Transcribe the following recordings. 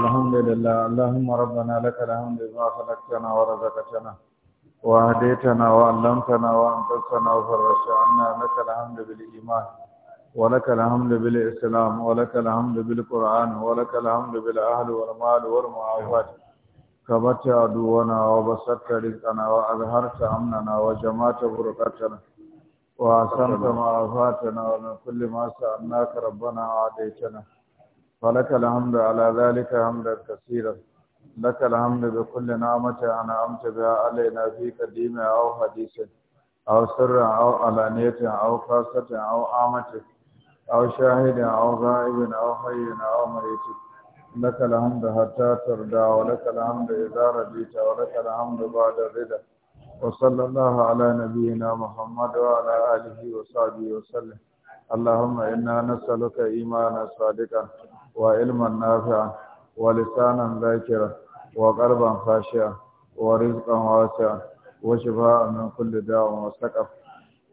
الحمد لله اللهم ربنا لك الحمد بما خلقتنا ورزقتنا وهديتنا وعلمتنا وانقذتنا وفرجت عنا لك الحمد بالايمان ولك الحمد بالاسلام ولك الحمد بالقران ولك الحمد بالاهل والمال والمعافاه كبت عدونا وبسطت رزقنا واظهرت امننا وجمعت بركتنا واحسنت معافاتنا ومن كل ما سالناك ربنا اعطيتنا فلك الحمد على ذلك حمدا كثيرا لك الحمد بكل نعمة أنعمت بها علينا في قديم أو حديث أو سر أو علانية أو خاصة أو عامة أو شاهد أو غائب أو حي أو ميت لك الحمد حتى ترضى ولك الحمد إذا رضيت ولك الحمد بعد الرضا وصلى الله على نبينا محمد وعلى آله وصحبه وسلم اللهم إنا نسألك إيمانا صادقا Wa ilman nafiyan, wa lisanan zakira wa ƙarban fashiya, wa rizikan wasuwa, waje ba a min kulle dawo masu taƙa.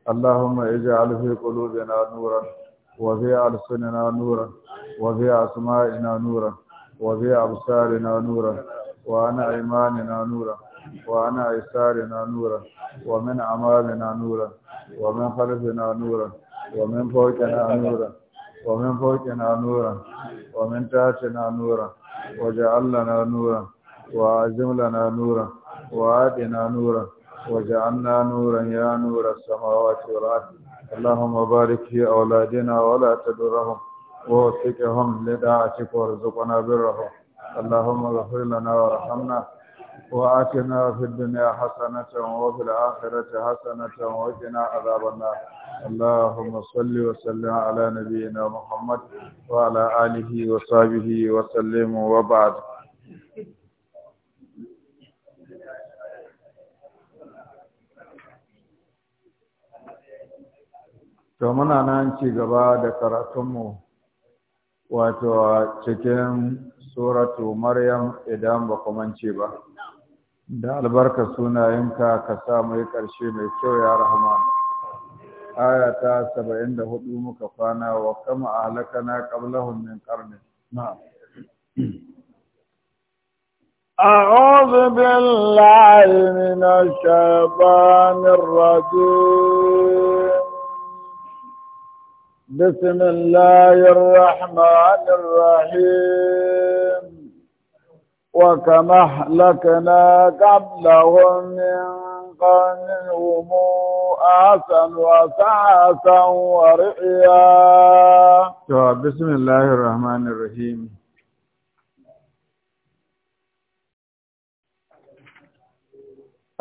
Allahuma ija alfai ƙuluɓe na nura, waje alfai na nura, waje asuma'i na nura, waje abu sare na wa hana imani na wa hana isare na wa min amari na wa min harfe na wa min ɓauke na ومن فوقنا نورا ومن تحتنا نورا واجعل لنا نورا وأعزم لنا نورا وآتنا نورا وجعلنا نورا يا نور السماوات والأرض اللهم بارك في أولادنا ولا تدرهم ووفقهم لدعاتك وارزقنا برهم اللهم اغفر لنا وارحمنا وآتنا في الدنيا حسنة وفي الآخرة حسنة وقنا عذاب النار اللهم صل وسلم على نبينا محمد وعلى آله وصحبه وسلم وبعد to muna nan ci gaba da karatunmu wato cikin suratu maryam idan ba mance ba da albarka sunayenka ka samu yi ƙarshe mai kyau ya rahman آية ta 74 muka كفانا وكما أهلكنا قبلهم من قرن نعم أعوذ بالله من الشيطان الرجيم بسم الله الرحمن الرحيم وكما أهلكنا قبلهم من فريقا هم أحسن وسعة ورئيا بسم الله الرحمن الرحيم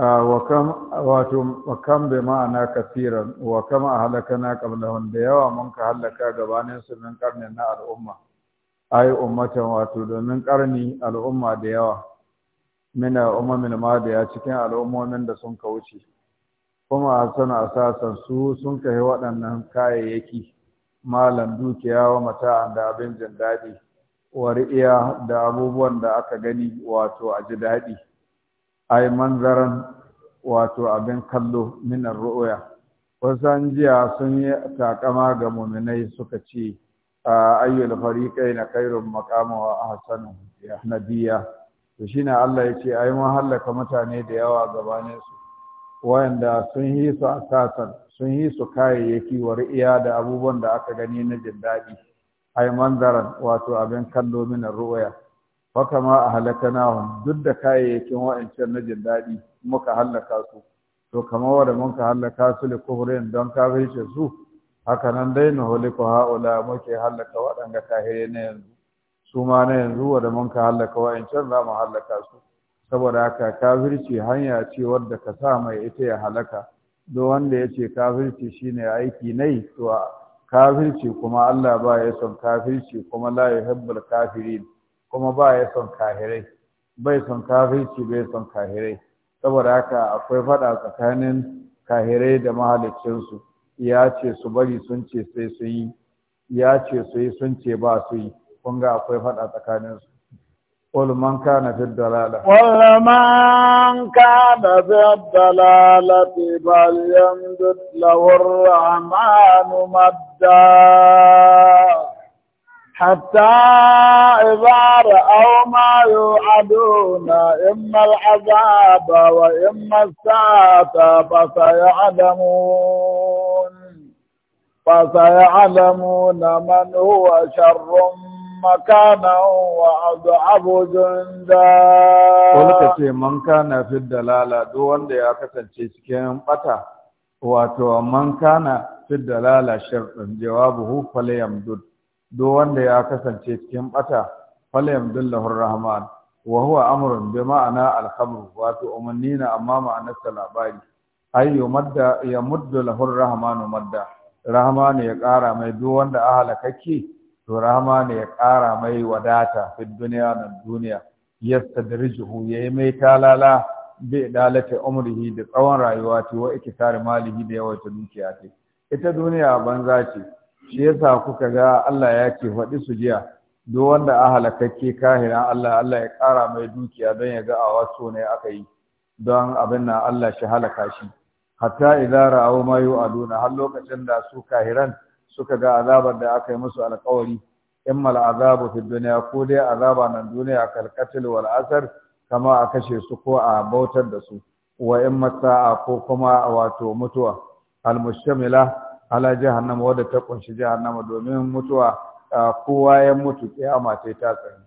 wakam bai ma'ana kafiran wa kama a na ƙablahun da yawa mun ka halaka gabaninsu min ƙarni na al'umma ai ummatan wato domin ƙarni al'umma da yawa mina umamin madiya cikin al'ummomin da sun wuce kuma suna asasan su sun kai waɗannan kayayyaki malam dukiya wa mata'an da abin jin daɗi wari'iya da abubuwan da aka gani wato a ji daɗi ai manzaran wato abin kallo minar ru'uya wasan jiya sun yi takama ga muminai suka ce a ayyul na khairum maqamu a hasanu nabiyya to ne Allah ya ce ai mun hallaka mutane da yawa gabanin su wayanda sun yi su asasan sun yi su kayayyaki wa ri'iya da abubuwan da aka gani na jin daɗi ai manzaran wato abin kallo mina ruwaya fa kama ahlakanahum duk da kayayyakin wa'ancan na jin daɗi muka hallaka su to kamar wanda muka hallaka su da kufrin don kafirce su haka nan dai na huliku ha'ula muke hallaka waɗanda kahirai na yanzu su ma na yanzu wanda mun ka halaka wa'ancan za mu halaka su saboda haka kafirci hanya ce wadda ka sa mai ita ya halaka don wanda ya ce kafirci shine aiki nai to kafirci kuma Allah ba ya son kafirci kuma la yuhibbul kafirin kuma ba ya son kahirai bai son kafirci bai son kahirai saboda haka akwai faɗa tsakanin kahirai da mahaliccinsu ya ce su bari sun ce sai sun yi ya ce su yi sun ce ba su yi kun قل من كان في الدلالة قل من كان في الدلالة فليمدد له الرحمن مدا حتى إذا رأوا ما يوعدون إما العذاب وإما الساعة فسيعلمون فسيعلمون من هو شر مكانا واضعف جندا ko nake ce man kana fi dalala duk wanda ya kasance cikin bata wato man kana fi dalala shartin jawabu hu falyam dud duk wanda ya kasance cikin bata falyam dud lahur rahman wa huwa amrun bi ma'ana al khamr wato umannina amma ma'ana salabari ay yumadda yamuddu lahur rahmanu madda rahmanu ya kara mai duk wanda ahalakake to ne ya ƙara mai wadata fi duniya nan duniya ya yi mai talala bai dalata umrihi da tsawon rayuwa ce wa tare malihi da yawaita dukiya ce ita duniya banza ce shi yasa kuka ga Allah ya ce faɗi su jiya duk wanda a halakakke kahira Allah Allah ya ƙara mai dukiya don ya ga a wasu ne aka yi don abin nan Allah shi halaka shi hatta idza mayu a duna har lokacin da su kahiran suka ga azabar da aka yi musu alƙawari mal azabu fi duniya ko dai azaba nan duniya kal qatl wal asar kama a kashe su ko a bautar da su wa in sa'a ko kuma wato mutuwa al mushamila ala jahannama wadda ta kunshi jahannama domin mutuwa kowa ya mutu kiyama sai ta tsani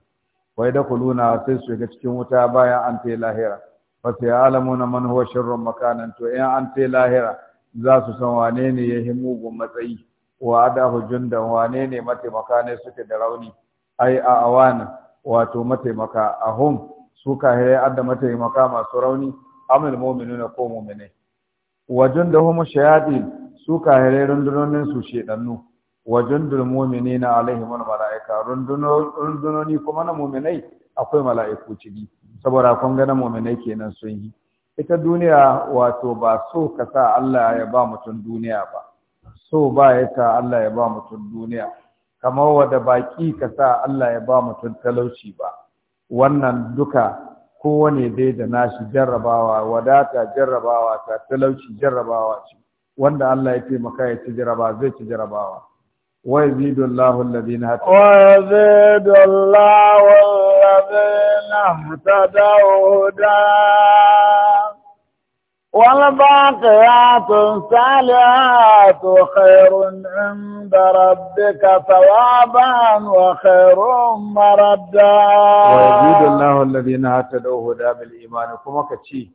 wai da kuluna sai su ga cikin wuta bayan an ta lahira fa sai alamuna man huwa sharrun makanan to in an ta lahira za su san wane ne ya mugun matsayi wa adahu jundan wane ne mataimaka ne suke da rauni ai a awana wato mataimaka a hum su ka hira adda mataimaka masu rauni amil na ko mu'minai wa hum shayatin su ka hira rundunonin su shedannu wa jundul mu'minina alaihim malaika rundunoni kuma na mu'minai akwai mala'iku ciki saboda kun ga na mu'minai kenan sun yi ita duniya wato ba so ka sa Allah ya ba mutum duniya ba so ba ya sa Allah ya ba mutum duniya kamar wadda baki ka sa Allah ya ba mutum talauci ba wannan duka kowane dai da nashi jarrabawa wadata jarrabawa ta talauci jarrabawa ce wanda Allah ya taimaka ya ci jaraba zai ci jarabawa ويزيد الله الذين هتدوا ويزيد الله الذين اهتدوا والباقيات الصالحات خير عند ربك ثوابا وخير مردا ويزيد الله الذين اهتدوا هدى بالايمان كما كتي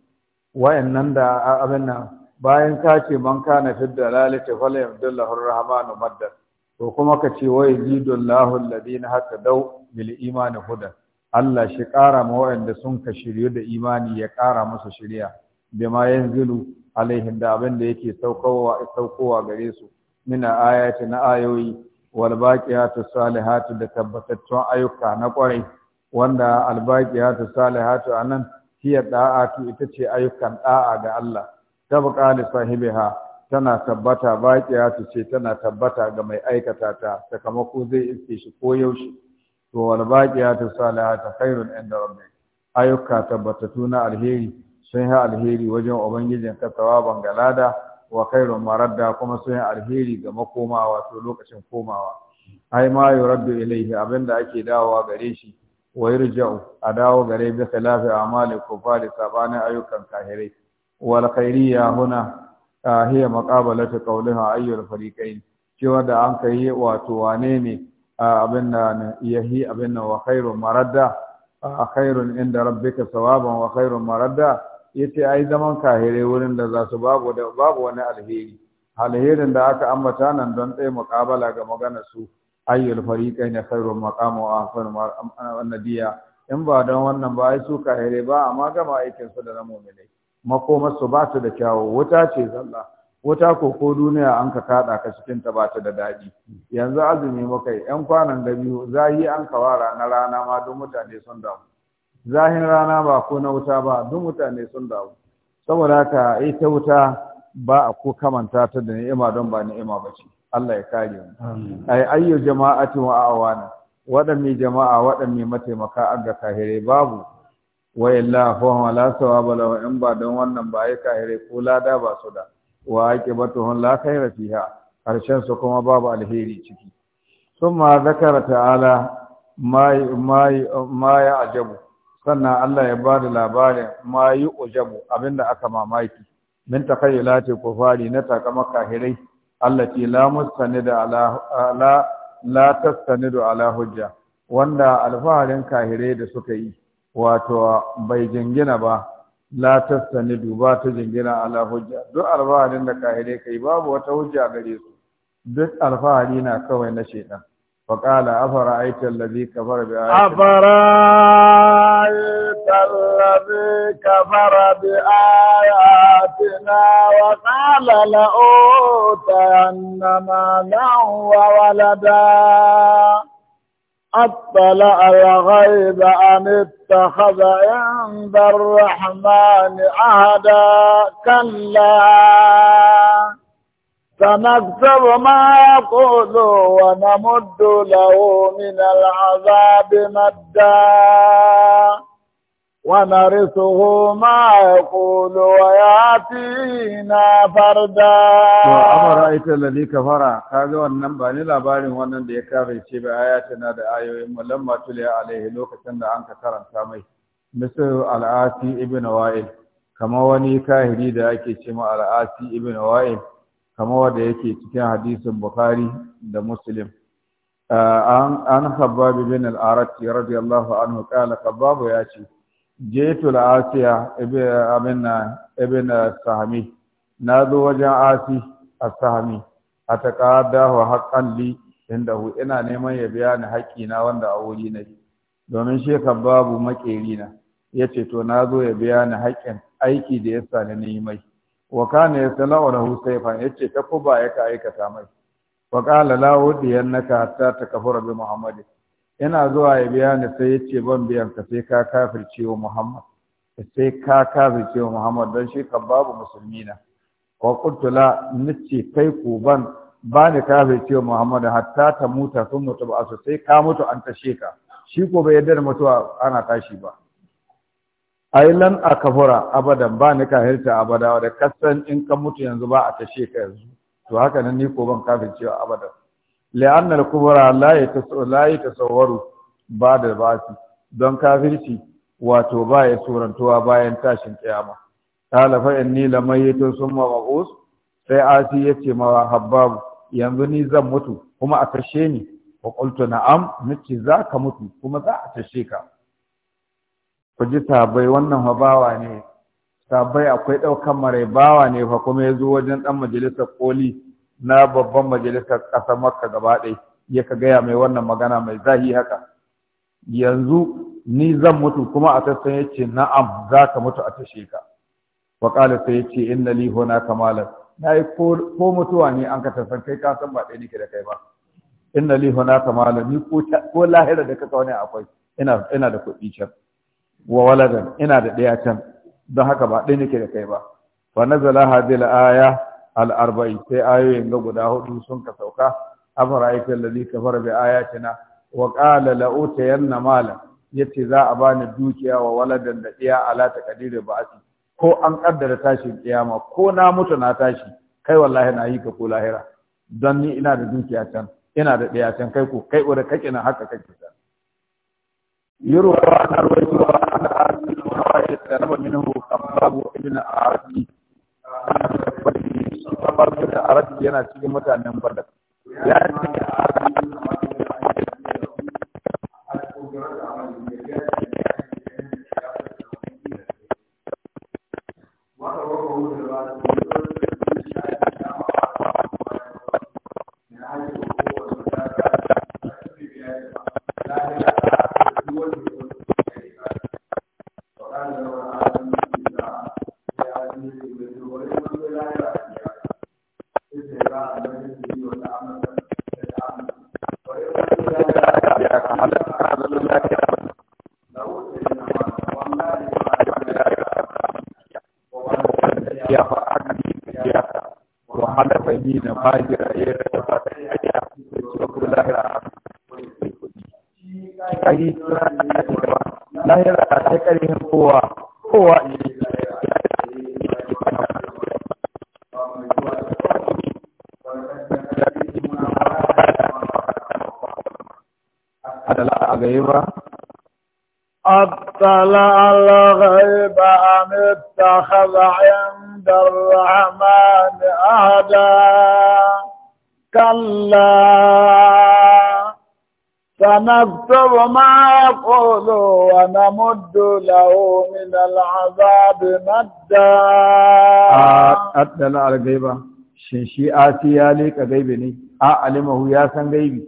wayannan da abin nan bayan ka ce man kana fi dalalati fala yabdullahu arrahmanu madda to kuma ka ce wa yazidullahu alladhina hatadau bil imani huda Allah shi ƙara ma wayanda sun ka shiryu da imani ya ƙara musu shiriya bima yanzilu alaihim da abin da yake saukowa saukowa gare su mina ayati na ayoyi wal baqiyatu salihatu da tabbatattun ayyuka na kwarai wanda al baqiyatu salihatu anan hiya da'atu ita ce ayyukan da'a ga Allah tabqa li sahibiha tana tabbata baqiyatu ce tana tabbata ga mai aikata ta sakamako zai iske shi ko yaushe to wal baqiyatu salihatu khairun inda rabbik ayyuka tabbatatu na alheri sun yi alheri wajen ubangijin ta tawaban galada wa kairun maradda kuma sun yi alheri ga makoma wato lokacin komawa ai ma yi rabbi ilaihi abinda ake dawowa gare shi wa yurja'u a dawo gare bi khilafi amali kufari sabanin ayyukan kahirai wal ya huna hiya maqabalatu qawliha ayyul fariqain cewa da an kai wato wane ne abin da yahi abin wa khairun maradda a khairun inda rabbika sawaban wa khairun maradda yace ai zaman kahire wurin da za su babu da babu wani alheri alherin da aka ambata nan don tsaye muƙabala ga magana su ayyul fariqain khairun maqamu wa ahsanu nadiya in ba don wannan ba ai su kahire ba amma gama aikin su da na mu'minai makomar su ba su da kyawu wuta ce zalla wuta ko ko duniya an ka kada ka cikin ta ba ta da daɗi yanzu azumi muka yan kwanan da biyu zahi an kawara na rana ma don mutane sun damu zahin rana ba ko na wuta ba duk mutane sun dawo saboda haka ita wuta ba a ko kamanta ta da ni'ima don ba ni'ima ba ce Allah ya kare mu ai ayyu jama'atin wa awana wadanne jama'a wadanne mataimaka an ga kahire babu wa illa fa la sawaba law in ba don wannan ba ai kahire ko lada ba su da wa aqibatuhum la khayra fiha karshen su kuma babu alheri ciki summa zakara ta'ala ma ma ma ya ajabu sannan Allah ya ba da labarin ma yi ujabu abinda aka mamaki min ko kufari na takama Allah allati la mustanida ala la tastanidu ala hujja wanda alfaharin kahirai da suka yi wato bai jingina ba la tastanidu ba ta jingina ala hujja duk alfaharin da kahirai kai babu wata hujja gare su duk alfahari na kawai na shedan فقال أفرأيت الذي كفر بآياتنا أفرأيت رأيت الذي كفر بآياتنا وقال لأوتين مالا وولدا أطلع الغيب أم اتخذ عند الرحمن عهدا كلا سنكتب ما يقول ونمد له من العذاب مدا ونرثه ما يقول وياتينا فردا أفرأيت الذي كفر كاجا wannan ba ni labarin wannan da ya kafirce ba ayatuna da ayoyin mu lamma tuliya alaihi lokacin da an ka karanta mai al al'asi ibn wa'il kama wani kahiri da ake ce ma al'asi ibn wa'il kama wanda yake cikin hadisin bukhari da muslim uh, an habbabi bin al-arati radiyallahu anhu qala kabbabu ya ce jaitul asiya ibn ibn sahmi na zo wajen asi as a ataqadahu haqqan li indahu ina neman ya biya ni haƙƙi na wanda a wuri nayi domin shi babu makeri na yace to na zo ya biya ni haƙƙin aiki da yasa na ni mai wa kana yasala'u lahu sayfan yace ta ba ya ka aikata mai wa qala la annaka hatta takfura bi muhammad Ina zuwa ya biya ni sai yace ban biyan ka sai ka kafirce wa muhammad sai ka kafirce wa muhammad dan shi kan babu musulmi na wa qultu la nace kai ku ban ba ni kafirce wa muhammad hatta ta muta sun mutu ba sai ka mutu an tashe ka shi ko bai yarda da mutuwa ana tashi ba ai lan akafura abadan ba ni kahirta abada da kasan in ka mutu yanzu ba a tashe ka yanzu to haka nan ni ko ban kafircewa abadan la'anna al-kubra la yatasawwaru ba da basi don kafirci wato ba ya surantuwa bayan tashin kiyama qala fa inni lamayitu summa us, sai asi yace ma habbab yanzu ni zan mutu kuma a tashe ni wa qultu na'am nace za ka mutu kuma za a tashe ka ku ji sabai wannan fa bawa ne sabai akwai ɗaukan marai bawa ne fa kuma ya zo wajen ɗan majalisar koli na babban majalisar ƙasar makka gaba ɗai ya ka gaya mai wannan magana mai zahi haka yanzu ni zan mutu kuma a tassan ya ce na'am za ka mutu a tashe ka wa ƙala sai ya ce inna li hona kamala na yi ko mutuwa ne an ka tassan kai ka san ba ɗaya nake da kai ba inna li hona kamala ni ko lahira da kasa wani akwai ina da kuɗi can wa waladan ina da ɗaya can don haka ba ɗaya nake da kai ba fa nazala hadhihi al-aya al-arba'i sai ayoyin ga guda hudu sun ka sauka afara'aita allazi kafara bi ayatina wa qala la utayanna mala yace za a bani dukiya wa waladan da ɗaya ala taqdiri ba'ati ko an kaddara tashin kiyama ko na mutu na tashi kai wallahi na yi ka ko lahira don ni ina da dukiya can ina da ɗaya can kai ko kai wadda kake na haka kake can yurwa na ruwa وعن عاصم بن وائل طلب منه خباب ابن عاصم أنا أردت أن أردت أن أردت أن أردت ونكتب ما يقول ونمد له من العذاب مدا أطلع الغيبة شنشي آتي ياليك غيبي ني أعلمه يا سن غيبي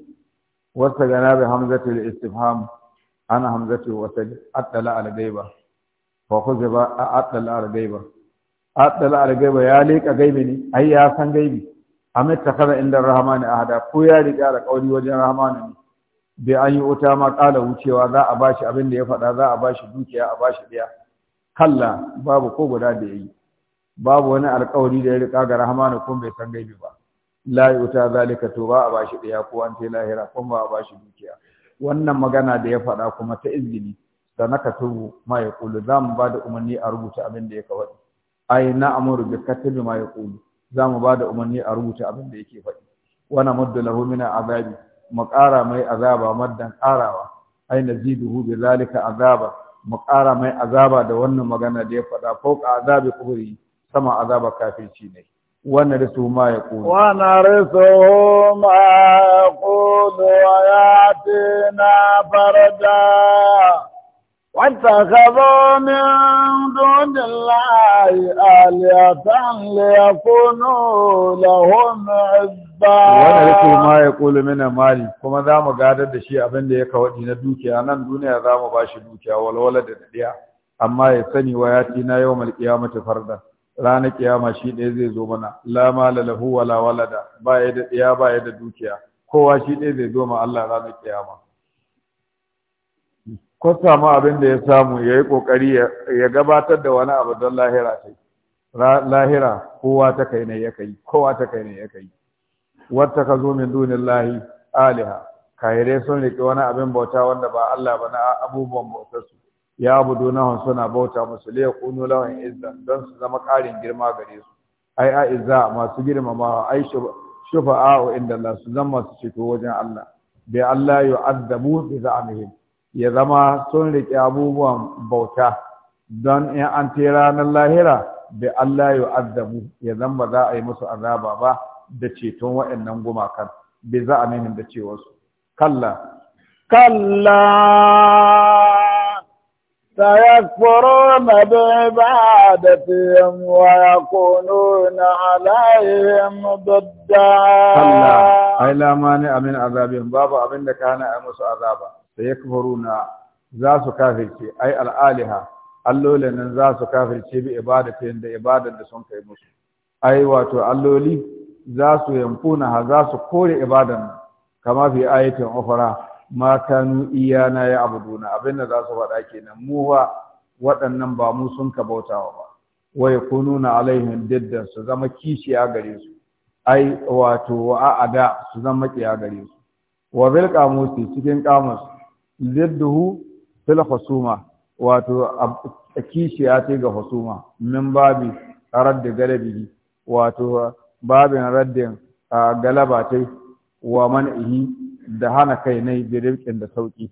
وسجنا بهمزة الاستفهام أنا همزة وسج أطلع الغيبة فخذ أطلع الغيبة أطلع الغيبة ياليك غيبي ني أي يا سن غيبي أمت تخذ عند الرحمن أحدا كويا رجال قولي وجه الرحمن ني bai an yi wuta ma ƙala wucewa za a bashi abin da ya faɗa za a bashi dukiya a bashi ɗaya kalla babu ko guda da ya yi babu wani alƙawari da ya riƙa ga rahmanu kuma bai san gaibi ba la wuta zalika to ba a bashi ɗaya ko an tai lahira kun ba a bashi dukiya wannan magana da ya faɗa kuma ta izini da na tubu ma ya kulu za mu ba da umarni a rubuta abin da ya faɗi ai na amuru bi katibi ma ya kulu za mu ba da umarni a rubuta abin da yake faɗi Wani namuddu lahu min azabi mu ƙara mai azaba maddan ƙarawa ai na naziduhu bi zalika azaba mu ƙara mai azaba da wannan magana da ya faɗa fauka azabi kubri sama azaba kafirci ne wannan da su ma ya ƙulu wana risu ma ya ƙulu ya tina farda واتخذوا من دون الله آلهة ليكونوا لهم عزا wani rike ma ya kulu mana mali kuma za mu gadar da shi abin da ya kawaɗi na dukiya nan duniya za mu ba shi dukiya walwala da daɗiya amma ya sani wa ya tina yau mal kiyamata farda ranar kiyama shi ɗaya zai zo mana la mala lahu wala walada ba ya da ɗiya ba ya da dukiya kowa shi ɗaya zai zo ma Allah ranar kiyama ko samu abin da ya samu ya yi ƙoƙari ya gabatar da wani abu don lahira lahira kowa ta kai ne ya kai kowa ta kai ne ya kai wata ka zo min dunin lahi aliha kahirai sun riƙe wani abin bauta wanda ba Allah ba na abubuwan bautarsu ya abudu nahun suna bauta musu liya kunu lawan izza don su zama ƙarin girma gare su ai a izza masu girmamawa ai shufa'a'u inda Allah su zama su ceto wajen Allah Bai Allah yu'azzabu bi za'amihim ya zama sun riƙe abubuwan bauta don in an tera ranar lahira bai Allah yu'azzabu ya zama za a yi musu azaba ba da ceton waɗannan gumakan bai za a mainin da cewarsu. Kalla! Kalla! Sayakporo na ba da fiyan waya kono na alayin dadda. Kalla! Ai lamani amin azabin babu abin da kana a musu azaba. Sayakporo na za su kafirce ai al'aliha alloli nan za su kafirce bi fiye da ibada da sun kai musu. Ai wato alloli za su yamfuna za su kore ibadan kama fi ayatin ukhra ma kanu iyana ya abuduna abinda za su faɗa kenan mu wa waɗannan ba mu sun ka bautawa ba wa yakununa alaihim diddan su zama kishiya gare su ai wato ada su zama kiya gare su wa bil qamusi cikin qamus lidduhu fil husuma wato kishiya ce ga husuma min babi arad da galabi wato babin raddin galaba ta wa man'ihi da hana kai ne bi rifkin da sauki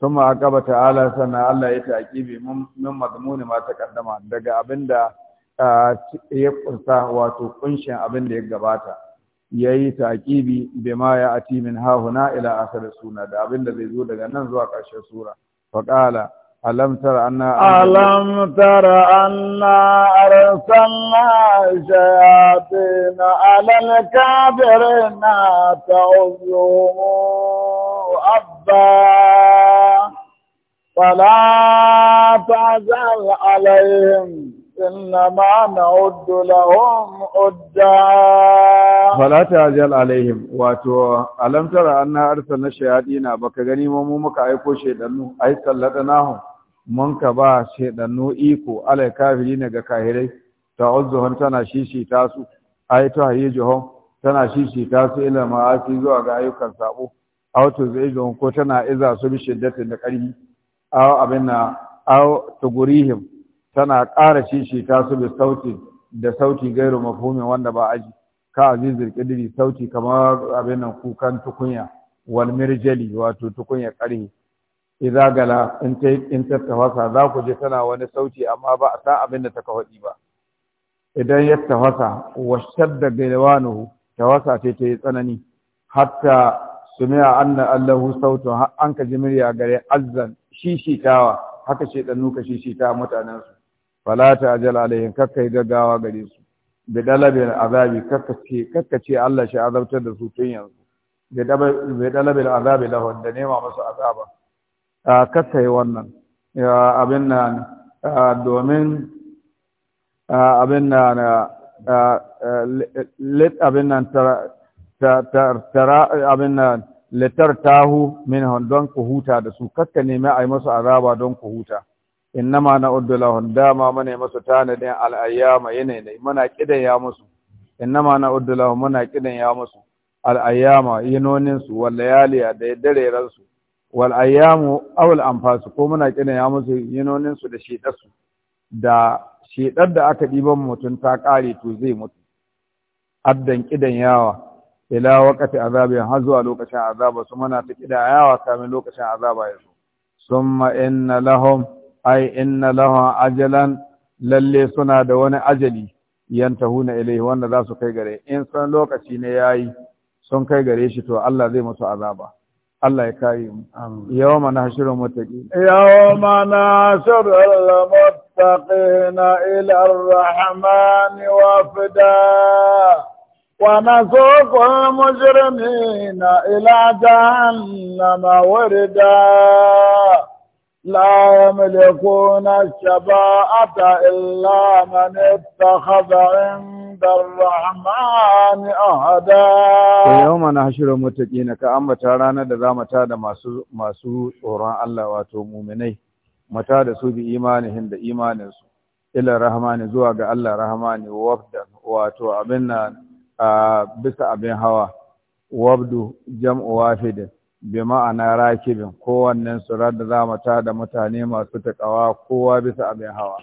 sana Allah ya سنة bi يتعقيبي من ma ta kaddama daga abinda ya kunsa wato kunshin da ya gabata yayi bi ma ya ati min hahuna ila akhir suna da abinda zai zo daga nan zuwa ƙarshen sura faƙala. alam tara anna alam tara anna arsalna shayatina ala alkafirina ta'udhum abba fala ta'zal alayhim innama na'uddu lahum udda fala ta'zal alayhim wato alam tara anna arsalna shayatina baka gani mu muka aiko shedanu ai sallatanahum mun ka ba shaidannu iko alai kafiri ne ga kahirai ta'uzzuhum tana shishita su ai tahyijuhum tana shishita su ila ma'asi zuwa ga ayyukan sabo aw tuzijuhum ko tana iza su bi shiddatin da ƙarfi aw na aw tugurihim tana ƙara shishita su bi sauti da sauti gairu mafhumin wanda ba aji ka azizul qidri sauti kamar abin nan kukan tukunya wal mirjali wato tukunya ƙarfi idza gala in ta in ta tawasa. za ku je tana wani sauti amma ba a san abin da ta kawadi ba idan ya tawasa wa shadda galwanuhu tawasa ce ta yi tsanani hatta sumi'a anna allahu sautu an ka ji murya gare azzan shishitawa haka ce dan nuka shishita mutanen su fala ta ajal alaihim kakkai gaggawa gare su bi dalabin azabi kakkace kakkace Allah shi azabtar da su tun yanzu bi dalabil azabi lahu da nema masu azaba kasa yi wannan abin na domin abin na lit abin nan tara abin nan litar tahu min don ku huta da su kakka nemi a yi masu azaba don ku huta in na hon dama mana masu tanadin al'ayyama yanayi muna kidan ya musu in na hon muna kidan ya musu al'ayyama yinoninsu wallayaliya da dare ransu wal ayyamu awal anfasu ko muna kina ya musu yinonin su da su da shedar da aka diban mutum ta kare to zai mutu addan kidan yawa ila waqati azabi har zuwa lokacin azaba su muna ta kida yawa kamin lokacin azaba ya zo summa inna lahum ay inna lahum ajalan lalle suna da wani ajali yantahuna ilayhi wanda za su kai gare in san lokaci ne yayi sun kai gare shi to Allah zai musu azaba الله يكايم يوم نحشر المتقين يوم نحشر المتقين إلى الرحمن وفدا ونسوق المجرمين إلى جهنم وردا لا يملكون الشفاعة إلا من اتخذ عند عند الرحمن أهدا ويوم نحشر المتقين كأما تارانا دزام تادا tsoron Allah, أوران الله واتو مؤمني su دسو بإيمانهم دا إيمانهم ila rahmani zuwa ga Allah rahmani wafdan wato abin nan bisa abin hawa wabdu jam'u wafidin bi ma'ana rakibin kowannen su da za ta da mutane masu taƙawa kowa bisa abin hawa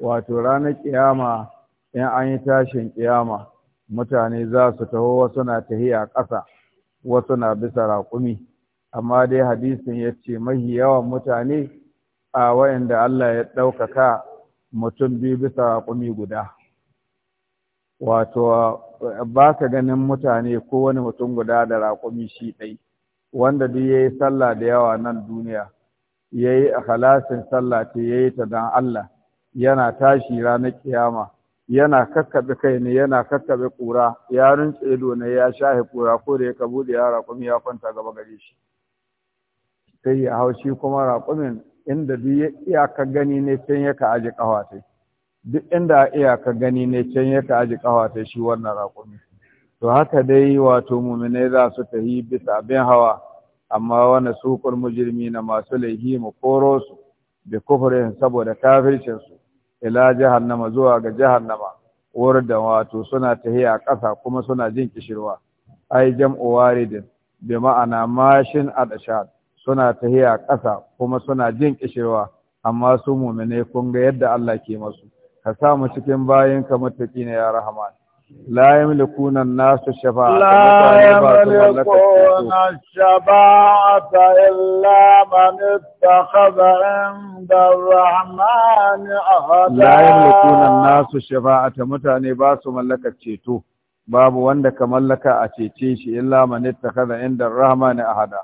wato ranar ƙiyama. in an yi tashin kiyama mutane za su taho wasu na tahiya ƙasa wasu na bisa raƙumi amma dai hadisin ya ce mahi yawan mutane a wayanda Allah ya ɗaukaka mutum biyu bisa raƙumi guda wato ba ka ganin mutane ko wani mutum guda da raƙumi shi ɗai wanda duk ya yi sallah da yawa nan duniya ya yi halasin sallah ce ya yi ta don Allah yana tashi ranar ƙiyama. yana kakkaɓe kai ne yana kakkaɓe ƙura. ya rince ido ne ya shahe kura ko da ya buɗe ya raƙumi ya kwanta gaba gare shi sai ya hau shi kuma raƙumin inda duk iyaka gani ne can ya ka aji ta duk inda iyaka gani ne can ya ka aji ta shi wannan raƙumi to haka dai wato muminai za su yi bisa abin hawa amma wani sukur mujirmi na masu laihi mu koro su da kufurin saboda kafircinsu ila jahannama zuwa ga jahannama da wato suna tahiya ƙasa kuma suna jin kishirwa ai jam'u waridin bi ma'ana mashin adashad suna tahiya ƙasa kuma suna jin kishirwa amma su muminai kun ga yadda Allah ke masu ka sa mu cikin bayinka ne ya rahman لا يملكون الناس الشفاعة لا يملكون الشفاعة إلا من اتخذ عند الرحمن أهدا لا يملكون الناس الشفاعة متعني باس ملك الشيتو باب وندك ملك أشيتيش إلا من اتخذ عند الرحمن أهدا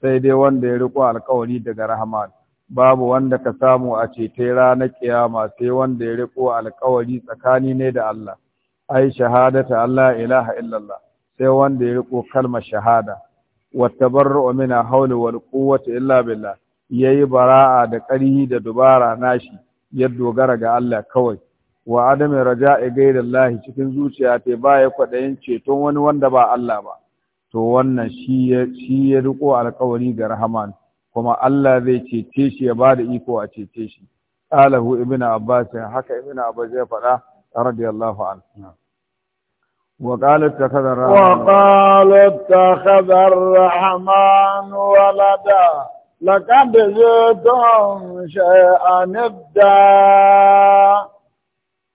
سيدي وند على قولي دك رحمن باب wanda سامو samu a cetai ranar kiyama sai wanda ya riko alkawari tsakani ai shahadata Allah ilaha illallah sai wanda ya riko kalmar shahada wa tabarru'u min hawli wal quwwati illa billah yayi bara'a da ƙarhi da dubara nashi ya dogara ga Allah kawai wa adami raja'i gairallahi cikin zuciya ta baya kwaɗayin ceto wani wanda ba Allah ba to wannan shi ya riko alƙawari ga Rahman kuma Allah zai cece shi ya bada iko a cece shi qalahu ibnu abbas haka ibnu abbas ya faɗa رضي الله عنه نعم. وقال اتخذ الرحمن وقال اتخذ الرحمن ولدا لقد جئتم شيئا نبدا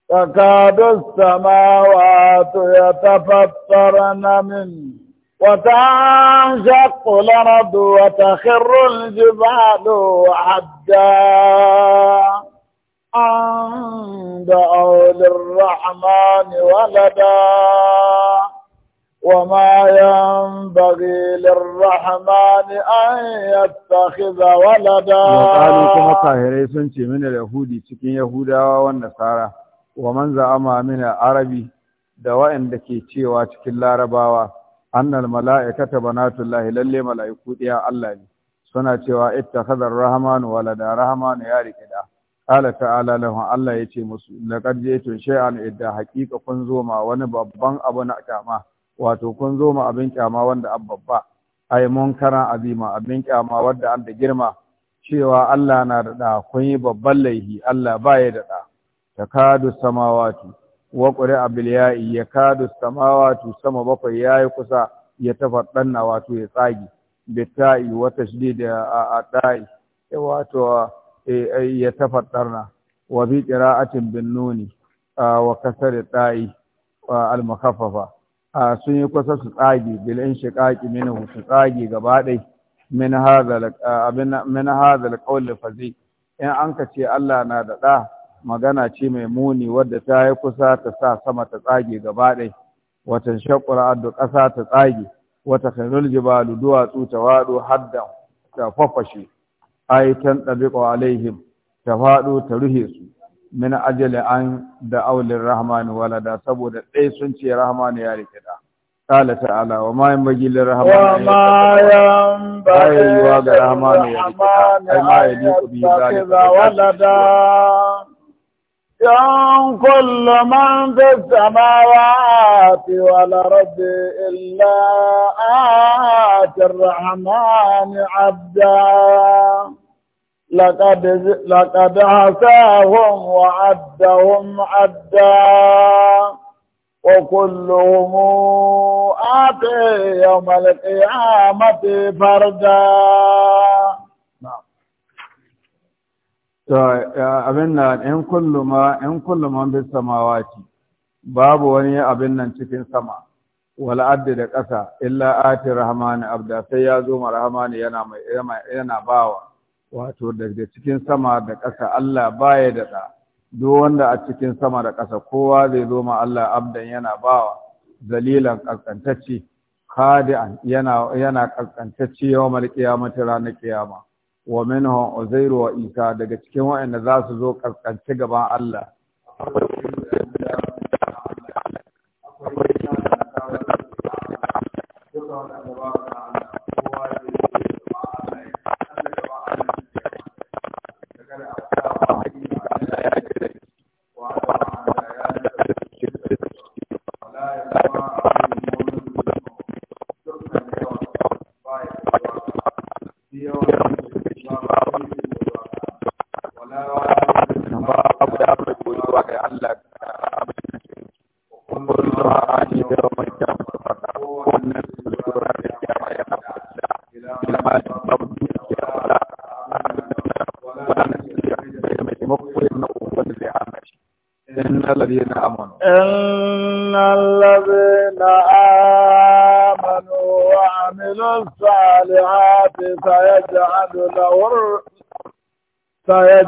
تكاد السماوات يتفطرن من وتنشق الأرض وتخر الجبال حدا anda awdur rahman walada wa ma yan bagil rahman ay yattakhiz walada qalu kuma tahire sun ce mini da yahudi cikin yahudawa wannan sara wa manza za ama mene arabi da wa'in ke cewa cikin larabawa annal mala'ikata banatullahi llahi lalle mala'iku diya allahi suna cewa ittakhadhar rahman walada rahman yarikida qala ta'ala lahu Allah ce musu laqad jaytu shay'an idda haqiqa kun zo ma wani babban abu na kyama wato kun zo ma abin kyama wanda an babba ai munkaran azima abin kyama wanda an da girma cewa Allah na da da kun yi babban laihi Allah ya da da takadu samawati wa qura bil ya yakadu samawati sama bakwai yayi kusa ya tafaddanna wato ya tsagi bitai wa tashdid a da'i wato ya tafaddarna wa bi qira'atin bin nuni wa kasar da'i wa al makaffafa sun yi kusa su tsage bil inshiqaqi minhu su tsage gaba dai min hadha abin min hadha fazi in an ka ce Allah na da ɗa. magana ce mai muni wadda ta yi kusa ta sa sama ta tsage gaba dai watan shaqura addu ƙasa ta tsage wata khairul jibalu duwatsu ta waɗo haddan ta fafashe ai tan dabiqu alaihim ta faɗo ta ruhe su min ajali an da aulin rahman walada saboda ɗaya sun ce rahman ya rike da qala ta'ala wa ma yanbaghi lir rahman wa ma yanbaghi wa ga rahman ya rike ai ma yaliqu bi zalika walada yan kullu man fi samawati wal ardi illa atir rahman abda لقد لقد عساهم وعدهم عدا وكلهم آتي يوم القيامة فردا abin nan in kulluma, ma in kullu man bis babu wani abin nan cikin sama wal addi da ƙasa illa ati rahmani abda sai ya zo ma rahmani yana yana bawa wato daga cikin sama da ƙasa Allah baya daɗa, duk wanda a cikin sama da ƙasa kowa zai zo ma Allah abdan yana bawa zalilan kaskantacce khadi'an yana yana kaskantacce yawmal qiyamati ranar kiyama wa minhu uzairu wa isa daga cikin waɗanda za su zo ƙasƙanci gaban Allah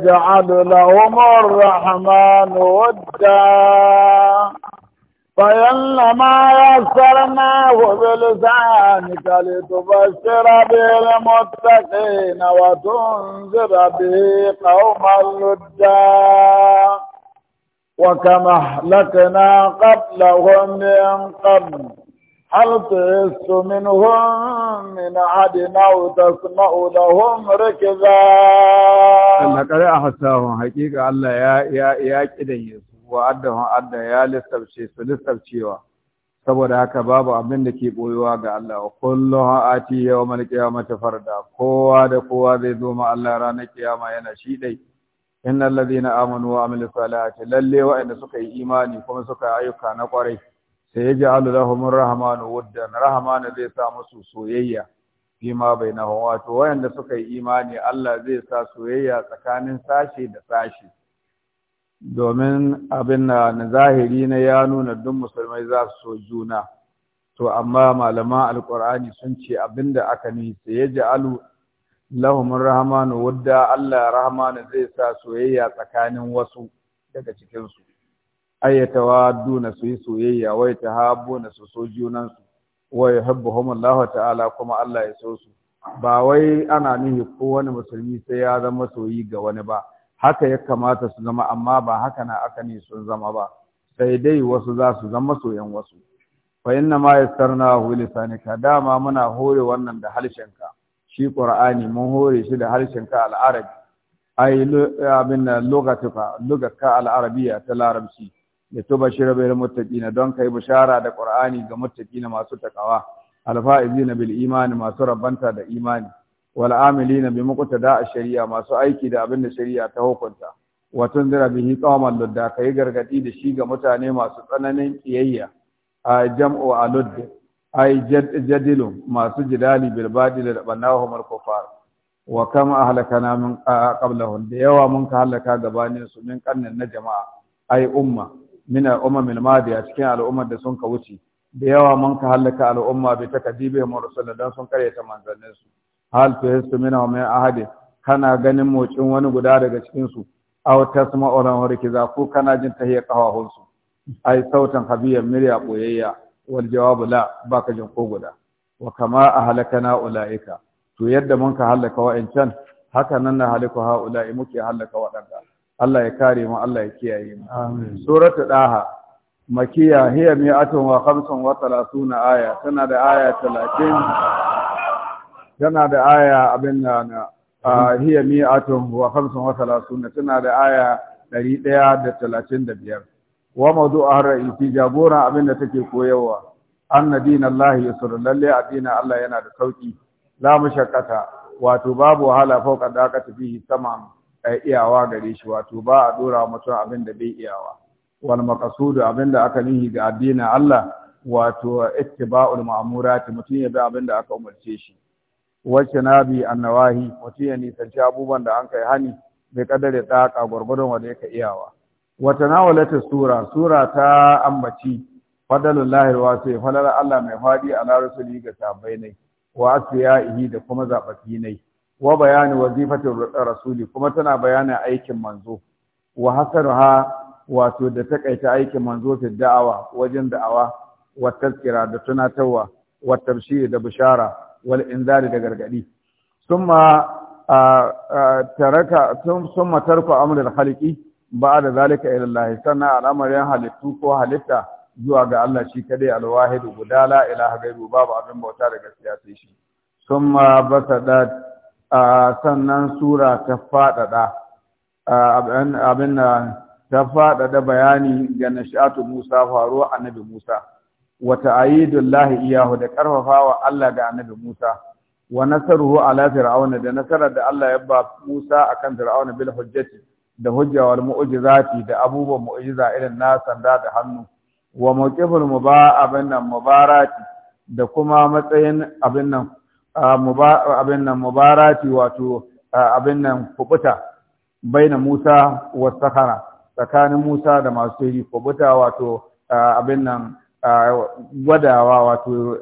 يجعل لهم الرحمن ودا فإنما يسرناه بلسانك لتبشر به المتقين وتنذر به قوما لدا وكما أهلكنا قبلهم من قبل هل تحس منهم من عدن أو تسمع لهم ركزا kare a hasahun haƙiƙa Allah ya ya ƙidanye su wa addahun adda ya lissafce su lissafcewa saboda haka babu abin da ke boyewa ga Allah wa kullum ati yawmal qiyamati farda kowa da kowa zai zo ma Allah ranar kiyama yana shi dai innal ladina amanu wa amilus salati lalle wa'anda suka yi imani kuma suka yi ayyuka na kwarai sai ya ja'alu lahumur rahmanu wuddan rahmanu zai sa musu soyayya fi bai bainahum wato wayanda suka yi imani Allah zai sa soyayya tsakanin sashe da sashe domin abin na zahiri na ya nuna duk musulmai za su so juna to amma malaman alkur'ani sun ce abinda aka ni sai ya ja'alu lahum rahmanu wadda Allah rahmanu zai sa soyayya tsakanin wasu daga cikinsu. su ayyatawa duna su yi soyayya wai ta na su so junan wa yuhibbuhum Allah ta'ala kuma Allah ya so su ba wai ana nihi ko wani musulmi sai ya zama soyi ga wani ba haka ya kamata su zama amma ba haka na aka ne sun zama ba sai dai wasu za su zama soyan wasu fa inna ma yassarnahu lisanika dama muna hore wannan da harshenka shi qur'ani mun hore shi da harshenka al-arabi Ai abin lugatuka lugaka al-arabiyya ta larabci ya litubashira bil muttaqina don kai bishara da qur'ani ga muttaqina masu takawa alfa'izina bil imani masu rabanta da imani wal amilina bi muqtada ash-shari'a masu aiki da abin da shari'a ta hukunta wa tunzira bihi qawman ludda kai gargadi da shi ga mutane masu tsananin kiyayya a jam'u alud ay jadilu masu jidali bil badil da banahum al wa kam ahlakana min qablahum da yawa mun ka halaka gabanin su min kannin na jama'a Ai umma min al'umma min madiya cikin al'ummar da sun ka wuce da yawa mun ka halaka al'umma bi takadibi mu rasulullah dan sun karyata manzannin su hal tu yasu min wa kana ganin motsin wani guda daga cikin su aw tasma'u lan hurkiza ko kana jin tahiyya qahahun su ai sautan habiyan mirya boyayya wal jawabu la baka jin ko guda wa kama ahlakana ulaika to yadda mun ka halaka wa'ancan haka nan na halaka ulai muke halaka waɗanda Allah ya kare mu Allah ya kiyaye mu amin suratu daha makiya hiya mi'atun wa khamsun wa talatuna aya tana da aya 30 tana da aya abin da na hiya mi'atun wa khamsun wa talatuna tana da aya 135 wa mawdu'a ra'isi jabura abin da take koyarwa anna dinallahi yusr lalle addinin Allah yana da sauki la mushakata wato babu wahala fauka da aka tafi sama iyawa gare shi wato ba a dora mutum abin da bai iyawa wal maqsudu abin da aka nihi ga addinin Allah wato ittiba'ul ma'murati mutum ya bi abin da aka umarce shi wacce nabi annawahi mutum ya nisanci abubuwan da an kai hani bai kadare daka gurgurun wanda yake iyawa wata nawalata sura sura ta ambaci fadalun lahir wasu fadar Allah mai fadi ala rasuli ga sabai ne wa asiya ihi da kuma zabati ne wa bayani wazifatin rasuli kuma tana bayanin aikin manzo wa ha wato da takaita aikin manzo fi da'awa wajen da'awa wa tazkira da tunatarwa wa tabshir da bishara wal inzari da gargadi summa taraka summa tarku amrul khaliqi ba'da zalika ila Allah sannan al'amarin halittu ko halitta zuwa ga Allah shi kadai alwahidu guda la ilaha gairu babu abin bauta da gaskiya sai shi summa basadat sannan sura ta faɗaɗa abin da ta faɗaɗa bayani ga nashatu Musa faruwa annabi Musa wa ta'ayidullahi iyahu da karfafawa Allah da annabi Musa wa nasaruhu ala fir'auna da nasarar da Allah ya ba Musa akan fir'auna bil hujjati da hujja wal mu'jizati da abubuwan mu'jiza irin na sanda da hannu wa mawqiful mubaa abin nan mubarati da kuma matsayin abin nan abin nan mubarati wato abin nan kubuta baina Musa wa Sahara tsakanin Musa da masu yi kubuta wato abin nan gwadawa wato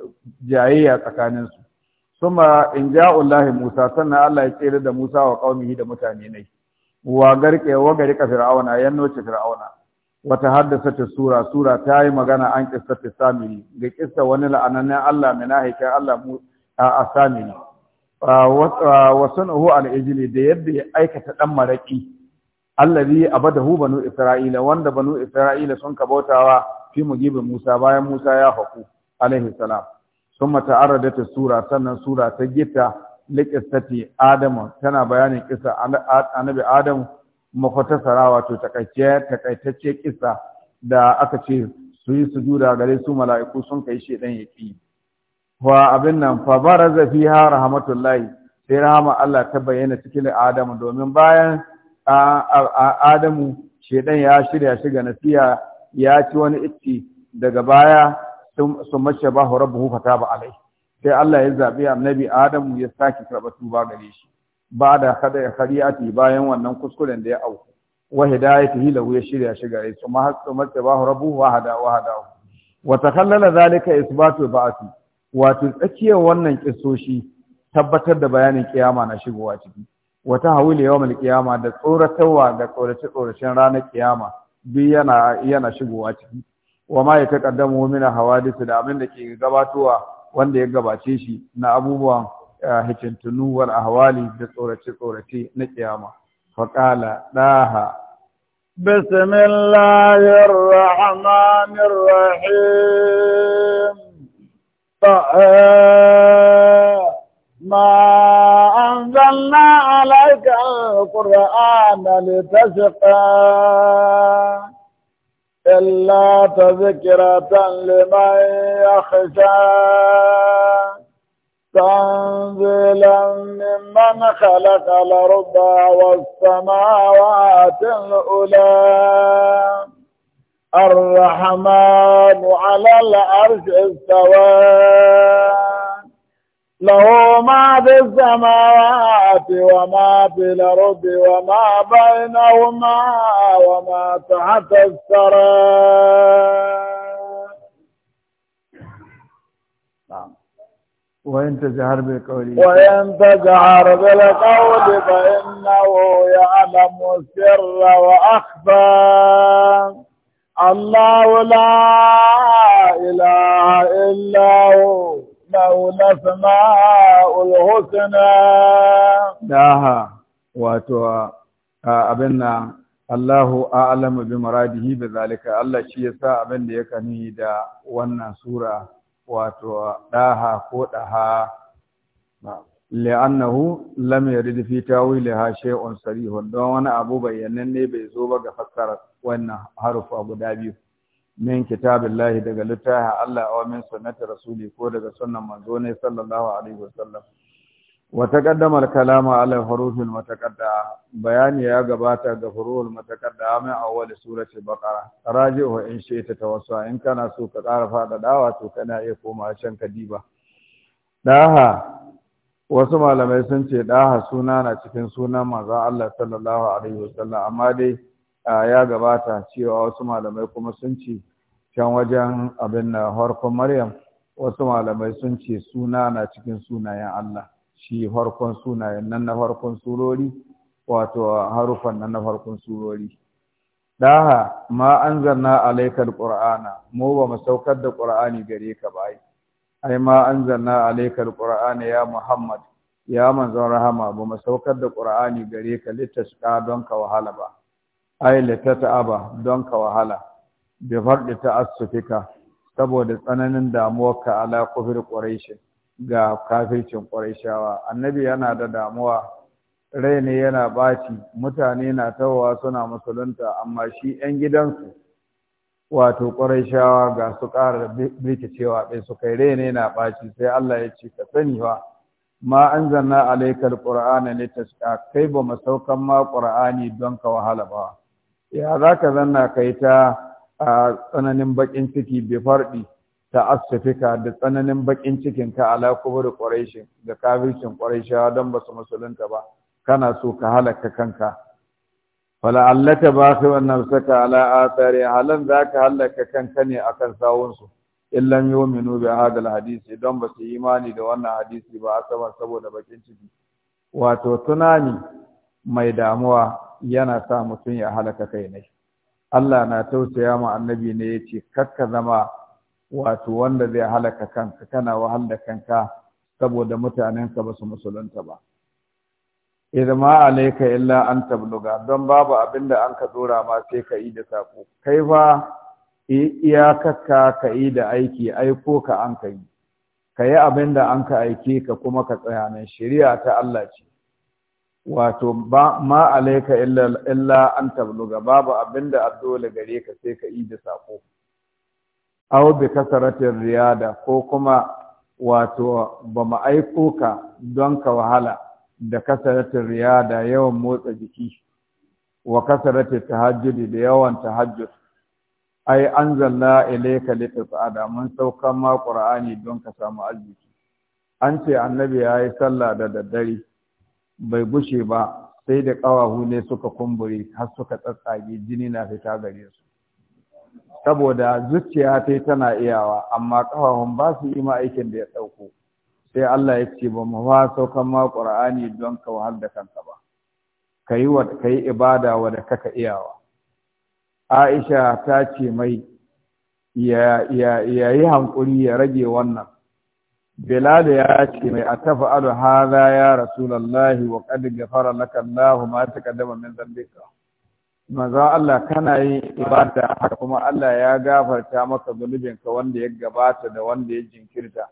jayayya tsakaninsu suma in ja'ullahi Musa sannan Allah ya tsere da Musa wa qaumihi da mutane nai. wa garke wa gari ka fir'auna noce fir'auna wata haddasa sura sura ta yi magana an kissa samiri ga kissa wani la'anannan Allah mai kai Allah a samina wa sunuhu da yadda ya aikata dan maraki allazi hu banu isra'ila wanda banu isra'ila sun ka bautawa fi mujibin Musa bayan Musa ya haku alaihi salam summa ta sura sannan sura ta gita liqistati adam tana bayanin kisa annabi adam mafatasara wato takaice takaitacce kisa da aka ce su yi sujuda gare su mala'iku sun kai shedan yaki wa abin nan fa baraza fiha rahmatullahi sai rahama Allah ta bayyana cikin Adamu domin bayan Adamu shedan ya shirya shiga nasiya ya ci wani itti daga baya sun mace ba rabbuhu fataba alai sai Allah ya zabi annabi Adamu ya saki karba tuba gare shi ba da kada khariati bayan wannan kuskuren da ya auku wa hidayatihi lahu ya shirya shiga ya sun mace ba rabbuhu wahada wahada wa wa takallala zalika isbatu ba'ati wato tsakiyar wannan kisoshi tabbatar da bayanin kiyama na shigowa ciki wata hawila yawmal kiyama da tsoratarwa da tsorace tsoracen ranar kiyama duk yana yana shigowa ciki wa ma ya taqaddamu min hawadisu da abin da ke gabatowa wanda ya gabace shi na abubuwan eh, hikintunu wal ahwali da tsorace tsorace na kiyama qala daha بسم الله الرحمن الرحيم ما أنزلنا عليك القرآن لتشقى إلا تذكرة لمن يخشى تنزيلا ممن خلق الأرض والسماوات الأولى الرحمن على العرش استوى له ما في السماوات وما في الأرض وما بينهما وما تحت الثرى نعم. وإن تجهر بالقول وإن تجهر بالقول فإنه يعلم السر وأخفى الله لا إله إلا هو له لسماء الحسنى داها واتوا أبنى الله أعلم بمراده بذلك الله شيء سا أبن ديك نيدا وانا سورة واتوا داها قوتها نعم li'annahu lam yarid fi tawiliha shay'un sarihun don wani abu bayyananne bai zo ba ga fassara wannan harufa guda biyu min kitabillahi daga littafin Allah aw min sunnati rasuli ko daga sunnan manzo ne sallallahu alaihi wasallam wa taqaddama al-kalamu ala hurufil mutaqaddama bayani ya gabata ga hurufil mutaqaddama min awwal surati baqara raji'u in shi'ta tawassa in kana so ka ƙara faɗaɗawa to kana iya koma can ka diba daha wasu malamai sun ce ɗaha suna na cikin sunan maza Allah sallallahu alaihi wasallam amma dai ya gabata cewa wasu malamai kuma sun ce can wajen abin na harkon Maryam wasu malamai sun ce suna na cikin sunayen Allah shi harkon sunayen nan na harkon surori wato harufan nan na harkon surori Ɗaha, ma an zanna alaikar ƙur'ana mu ba mu saukar da ƙur'ani gare ka ba ai ma anzalna alaikal qur'ana ya muhammad ya manzon rahama ba mu saukar da qur'ani gare ka litasqa don ka wahala ba ai aba don ka wahala bi ta ta'assufika saboda tsananin damuwarka ala kufir quraish ga kafircin quraishawa annabi yana da damuwa rai ne yana baci mutane na tawowa suna musulunta amma shi 'yan gidansu wato ƙwarai ga su ƙara da cewa ɗai su kai rene na ɓaci sai Allah ya ce ka sani wa ma an zanna alaikar ƙura'ana ne ta kai ba masaukan ma ƙura'ani don ka wahala ba ya za ka zanna ka yi ta a tsananin baƙin ciki bai farɗi ta asifika da tsananin baƙin cikin ka ala kubur ƙwarai da kafircin ƙwarai don ba su musulunta ba kana so ka halaka kanka fala'allaka baqi'un nafsaka ala athari halan zaka hallaka kanka ne akan sawunsu illam yu'minu bi hadal hadisi don ba yi imani da wannan hadisi ba asaban saboda bakin ciki wato tunani mai damuwa yana sa mutum ya halaka kai ne Allah na tausaya ma annabi ne yace kakka zama wato wanda zai halaka kanka kana wahal da kanka saboda mutanenka ba su musulunta ba Irma alayka illa an tabluga don babu abinda an ka tsora ma sai ka yi da sako kai fa kaka ka yi da aiki aiko ka an ka yi ka yi abin da an ka aike ka kuma ka tsaya nan shari'a ta Allah ce wato ma alaika illa an tabluga babu abin da dole gare ka sai ka yi da sako aw bi kasaratin riyada ko kuma wato ba mu aiko ka don ka wahala da kasaratin riya da yawan motsa jiki wa kasaratin tahajjudi da yawan tahajjud ai anzalna ilayka litasada mun saukan ma qur'ani don ka samu arziki an ce annabi yayi sallah da daddare bai gushe ba sai da ƙawahu ne suka kumbure har suka tsatsage jini na fita gare su saboda zuciya tai tana iyawa amma kawahun ba su yi ma aikin da ya ɗauko sai Allah ya ce ba mu ba saukan ma Qur'ani don ka wahal da kanka ba kai wa ibada wa da kaka iyawa Aisha ta ce mai ya yi hankuri ya rage wannan Bilal ya ce mai atafa'alu hadha ya lallahi wa qad ghafara laka Allahu ma taqaddama min dhanbika Maza Allah kana yi ibada haka kuma Allah ya gafarta maka zunubinka wanda ya gabata da wanda ya jinkirta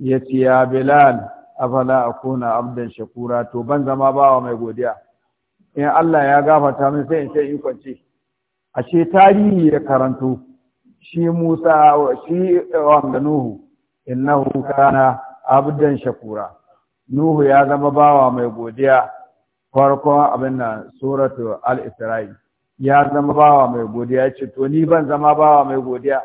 ya ce ya bilal afala kuna abdan shakura to ban zama bawa mai godiya in Allah ya gafata min sai in ce in kwance ashe tarihi ya karanto shi Musa shi wanda Nuhu innahu kana abdan shakura Nuhu ya zama bawa mai godiya farkon abin nan suratu al-Isra'i ya zama bawa mai godiya ce to ni ban zama bawa mai godiya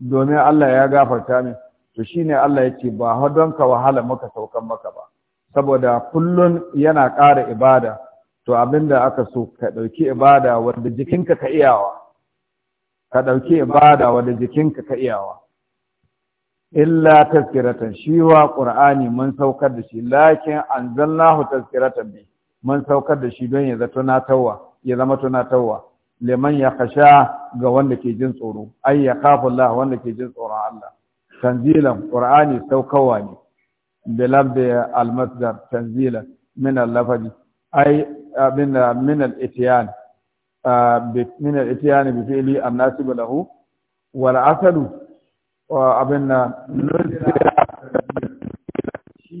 domin Allah ya gafarta min to shi ne Allah ya ce ba don ka wahala muka saukan maka ba saboda kullun yana ƙara ibada to abinda aka so ka ɗauki ibada wanda jikinka ka iyawa ka ɗauki ibada wanda jikinka ka iyawa illa tazkiratan shi wa qur'ani mun saukar da shi lakin anzalnahu tazkiratan bi mun saukar da shi don ya ya zama tunatarwa liman ya kasha ga wanda ke jin tsoro ai ya kafa Allah wanda ke jin tsoron Allah tanzilan qur'ani saukawa ne da labda almasdar tanzilan min al bi fi'li an lahu wal asalu shi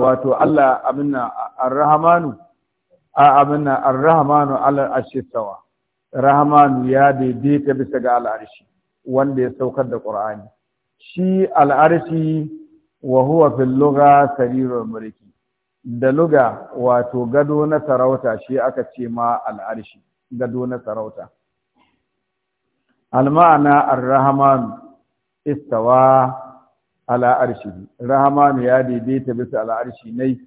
wato Allah abinna ar-rahmanu abinna ar-rahmanu ala rahmanu ya daidaita bisa ga al'arshi wanda ya saukar da qur'ani shi al'arshi wa huwa fil lugha sarirul mulki da luga wato gado na sarauta shi aka ce ma al'arshi gado na sarauta al-ma'ana ar-rahman istawa ala arshi rahmanu ya daidaita bisa ala arshi ne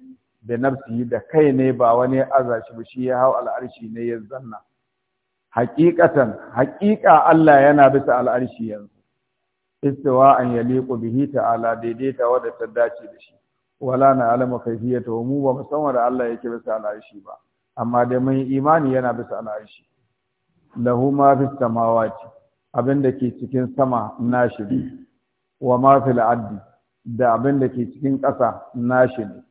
da nafsi da kai ne ba wani azashi ba shi ya hau ala arshi ne ya zanna haqiqatan haqiqa Allah yana bisa ala arshi yanzu Istawa an yaliqu bihi ta'ala daidaita wadda ta dace da shi wala na alama kaifiyata wa mu ba musamman da Allah yake bisa ala arshi ba amma da mai imani yana bisa ala arshi lahu ma fis samawati abinda ke cikin sama nashi wa ma fil addi da abin da ke cikin ƙasa nashi ne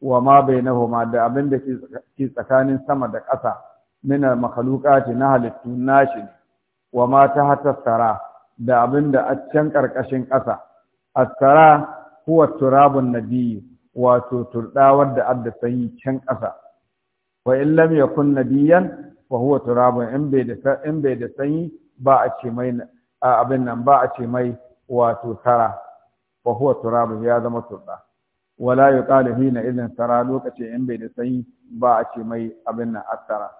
wa ma bainahuma da abin da ke tsakanin sama da ƙasa min al makhluqati na halittu nashi ne wa ma tahta sara da abin da a can ƙarƙashin ƙasa as-sara huwa turabun nabiyyi wato turɗawar da adda sanyi can ƙasa wa in lam yakun nabiyyan fa huwa turabun in bai da in bai da sanyi ba a ce mai abin nan ba a ce mai wato tara wa huwa turabun ya zama turɗa wala yuqalu hina idan tara lokaci in bai da sanyi ba a ce mai abin nan attara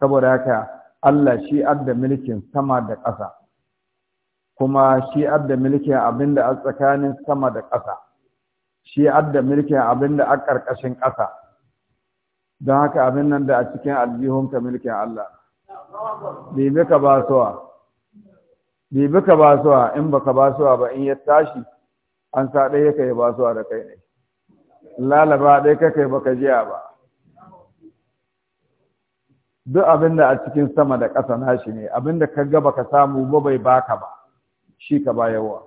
saboda haka Allah shi adda mulkin sama da ƙasa kuma shi adda mulkin abin da a tsakanin sama da ƙasa shi adda mulkin abin da a ƙarƙashin ƙasa don haka abin nan da a cikin aljihunka mulkin Allah bai ka ba suwa Bi ka basuwa in baka basuwa ba in ya tashi an sa ɗaya ka yi basuwa da kai ne lalaba dai ka kai baka jiya ba duk abin da a cikin sama da ƙasa nashi ne abin da ka ga baka samu ba bai baka ba shi ka bayarwa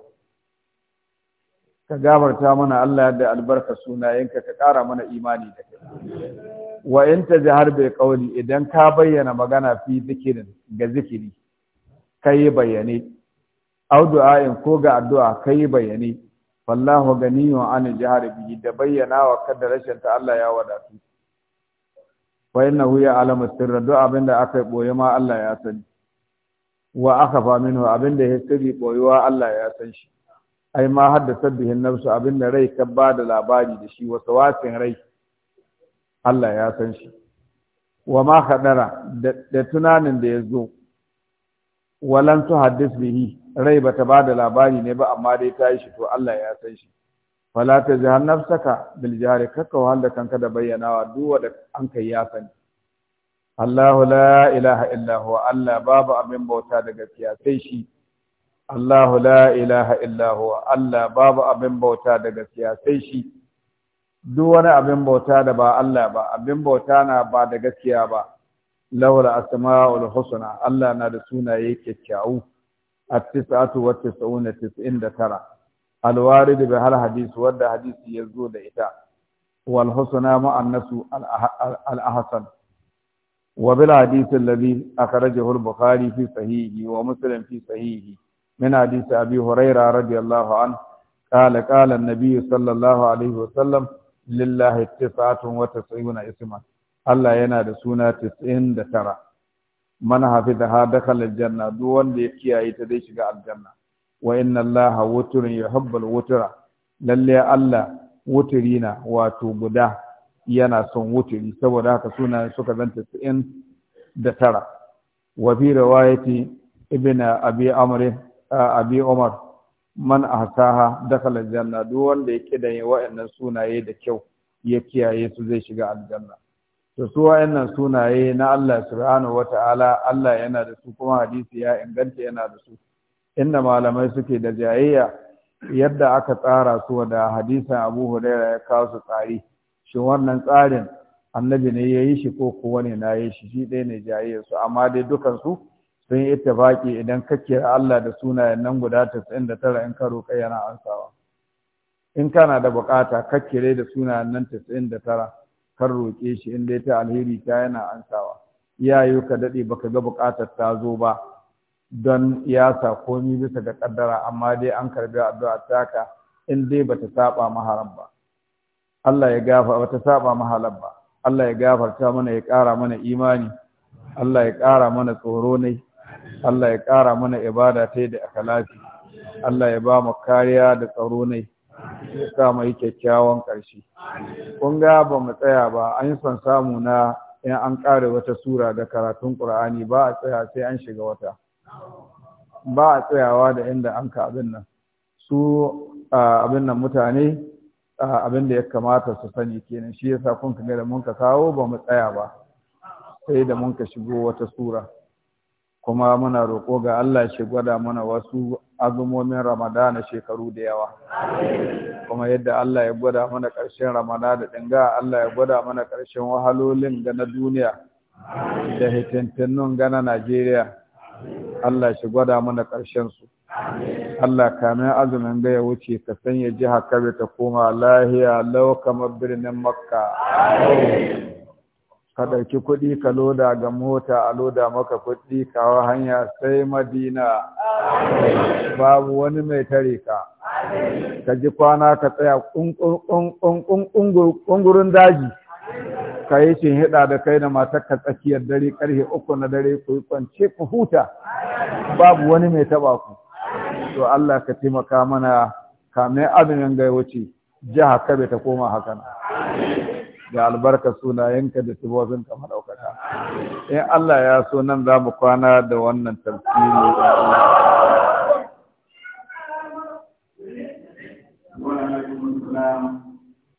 ka gabarta mana Allah yadda albarka sunayenka ka ƙara mana imani da kai wa in ta har bai kauli idan ka bayyana magana fi zikirin ga zikiri ka yi bayyane aw du'a'in ko ga addu'a kai bayani wallahu ganiyun an jihar bihi da bayyana wa kada rashin ta Allah ya wadatu wa inna huwa alama sirra du'a abinda aka boye ma Allah ya sani wa aka minhu abinda ya sirri boyewa Allah ya san shi ai ma haddasa bihin nafsu abinda rai ka ba da labari da shi wasu wasin rai Allah ya san shi wa ma kadara da tunanin da ya zo walan tu haddis bihi rai ba ta ba da labari ne ba amma dai ta yi shi to Allah ya san shi fala ta jihar nafsaka bil jihar kakka wahala kanka da bayyanawa duk wanda an kai ya sani Allahu la ilaha illa huwa Allah babu abin bauta da gaskiya sai shi Allahu la ilaha illa huwa Allah babu abin bauta da gaskiya sai shi duk wani abin bauta da ba Allah ba abin bauta na ba da gaskiya ba lawla asma'ul husna Allah na da sunaye kyakkyawu at-tis'atu wa tis'una tis'in da tara al-warid bi hal hadith wanda hadisi ya zo da ita wal husna ma'an nasu al-ahsan wa bil hadith alladhi akhrajahu al-bukhari fi sahihi wa muslim fi sahihi min hadith abi hurairah radiyallahu an; anhu قال قال النبي صلى الله عليه وسلم لله تسعة وتسعون اسما Allah yana da suna 99 man hafizaha dakhala aljanna duk wanda ya kiyaye ta zai shiga aljanna wa inna allaha wutrun yuhibbul wutura, lalle allah wutrina wato guda yana son wuturi saboda haka suna suka zanta 99 wa bi riwayati ibn abi amr abi umar man ahsaha dakhala aljanna duk wanda ya kidaye wa'annan sunaye da kyau ya kiyaye su zai shiga aljanna to su wayannan sunaye na Allah subhanahu wata'ala Allah yana da su kuma hadisi ya inganta yana da su inda malamai suke da jayayya yadda aka tsara su da hadisin Abu Hurairah ya kawo su tsari shi wannan tsarin annabi ne ya yi shi ko kuwa ne na yi shi shi ɗaya ne jayayya su amma dai dukan su sun yi tabaki idan ka kira Allah da sunayen nan guda 99 in ka roƙa yana ansawa in kana da bukata ka kire da sunayen nan 99 Kar roƙe shi in dai ta alheri ta yana ansawa iyaye ka daɗe baka ga buƙatar ta zo ba don ya sa komi bisa ga ƙaddara amma dai an karbi addu'a taka in dai bata saba maharam ba Allah ya gafa bata saba maharam ba Allah ya gafarta mana ya ƙara mana imani Allah ya ƙara mana tsoro ne Allah ya ƙara mana ibada ta da akalafi Allah ya ba mu kariya da tsaro ne ya sa mai kyakkyawan ƙarshe kun ga ba mu tsaya ba an yi son samu na in an ƙare wata sura da karatun ƙur'ani ba a tsaya sai an shiga wata ba a tsayawa da inda an ka abin nan su abin nan mutane abin da ya kamata su sani kenan shi yasa kun ga da mun ka kawo ba mu tsaya ba sai da mun ka shigo wata sura kuma muna roƙo ga Allah shi gwada mana wasu azumomin ramadana shekaru da yawa kuma yadda Allah ya gwada mana ƙarshen ramadana ɗin ga Allah ya gwada mana ƙarshen wahalolin ga na duniya da hitintinnun gana Najeriya Allah shi gwada mana ƙarshen su Allah kamin azumin ga ya wuce ka sanya jiha kabe ta koma lahiya lau kamar birnin makka ka ɗauki kuɗi ka loda ga mota a loda maka kuɗi kawo hanya sai madina babu wani mai tare ka ka ji kwana ka tsaya ƙungurin daji ka yi shi hida da kai da matar ka tsakiyar dare ƙarfe uku na dare ku yi kwance ku huta babu wani mai taɓa ku to Allah ka taimaka mana kamar azumin ga wuce jiha kabe ta koma hakan da albarka sunayenka da tubobin ka madaukaka in Allah ya so nan za mu kwana da wannan tafsiri Thank you.